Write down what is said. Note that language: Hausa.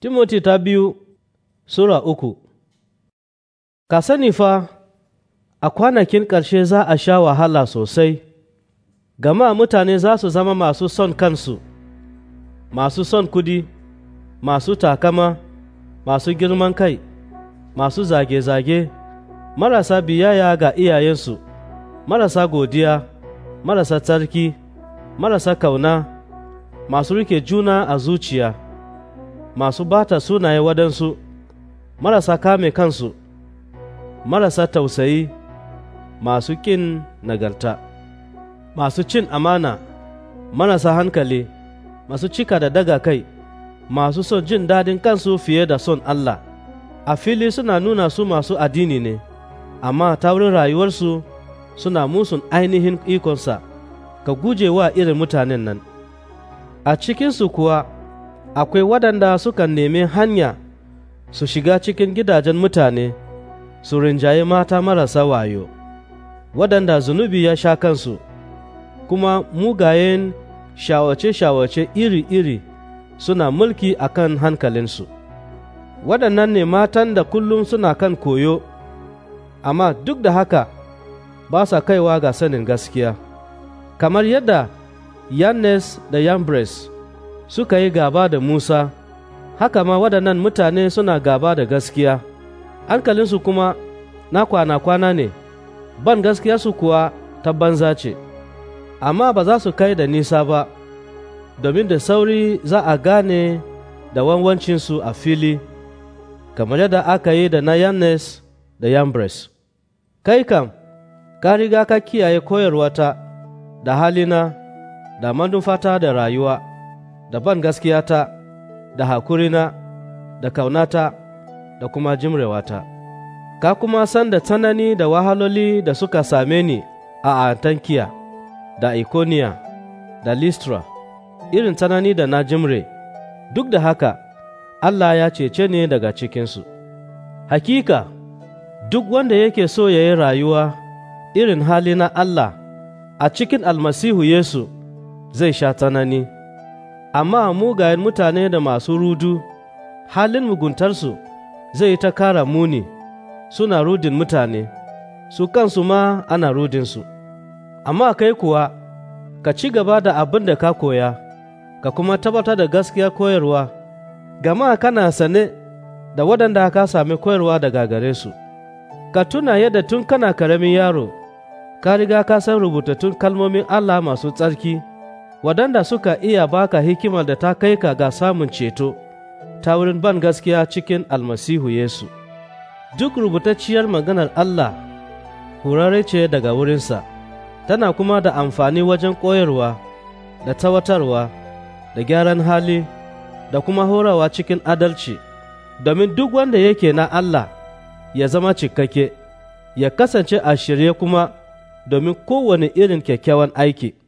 Timoti ta biyu Sura uku Ka sani fa, a kwanakin ƙarshe za a sha wahala sosai, gama mutane za su zama masu son kansu, masu son kudi, masu takama, masu girman kai, masu zage-zage, marasa biyaya ga iyayensu, marasa godiya, marasa tsarki, marasa kauna, masu rike juna a zuciya. masu bata sunaye wadansu marasa kame kansu marasa tausayi masu ƙin nagarta masu cin amana marasa hankali masu cika da daga kai masu son jin dadin kansu fiye da son Allah a fili suna nuna su masu addini ne amma ta wurin rayuwarsu suna musun ainihin ikonsa ka guje wa irin mutanen nan a cikinsu kuwa akwai waɗanda suka nemi hanya su shiga cikin gidajen mutane su rinjaye mata marasa wayo waɗanda zunubi ya sha kansu kuma mugayen shawace-shawace iri-iri suna mulki a kan hankalinsu waɗannan ne matan da kullum suna kan koyo amma duk da haka ba sa kaiwa ga sanin gaskiya kamar yadda yannes da yambres suka yi gaba da Musa, haka ma waɗannan mutane suna gaba da gaskiya, hankalinsu kuma na kwana-kwana ne, ban gaskiya su kuwa ta banza ce, amma ba za su kai da nisa ba, domin da sauri za a gane da wanwancinsu a fili, kamar yadda aka yi da na Yannes da Yambres. Kai kam, ka riga ka kiyaye koyarwata da halina da manufata da rayuwa. da ban gaskiyata da hakurina da kaunata da kuma jimrewata ka kuma san da tsanani da wahaloli da suka same ni a antankiya da ikoniya da listra irin tsanani da na jimre duk da haka allah ya cece ne daga cikinsu hakika duk wanda yake so ya yi rayuwa irin hali na allah a cikin almasihu yesu zai sha tsanani amma mugayen mutane da masu rudu halin muguntarsu zai yi ta kara muni suna rudin mutane su kansu ma ana rudinsu amma kai kuwa ka ci gaba da abin da ka koya ka kuma tabbatar da gaskiya koyarwa gama kana sane da waɗanda ka sami koyarwa daga gare su ka tuna yadda tun kana karamin yaro ka riga ka san rubutattun kalmomin Allah masu tsarki waɗanda suka iya baka hikimar da ta kai ka ga samun ceto ta wurin ban gaskiya cikin almasihu Yesu. Duk rubutacciyar maganar Allah hurare ce daga wurinsa, tana kuma da amfani wajen koyarwa, da tawatarwa, da gyaran hali, da kuma horawa cikin adalci, domin duk wanda yake na Allah ya zama cikakke, ya kasance a shirye kuma domin kowane irin kyakkyawan aiki.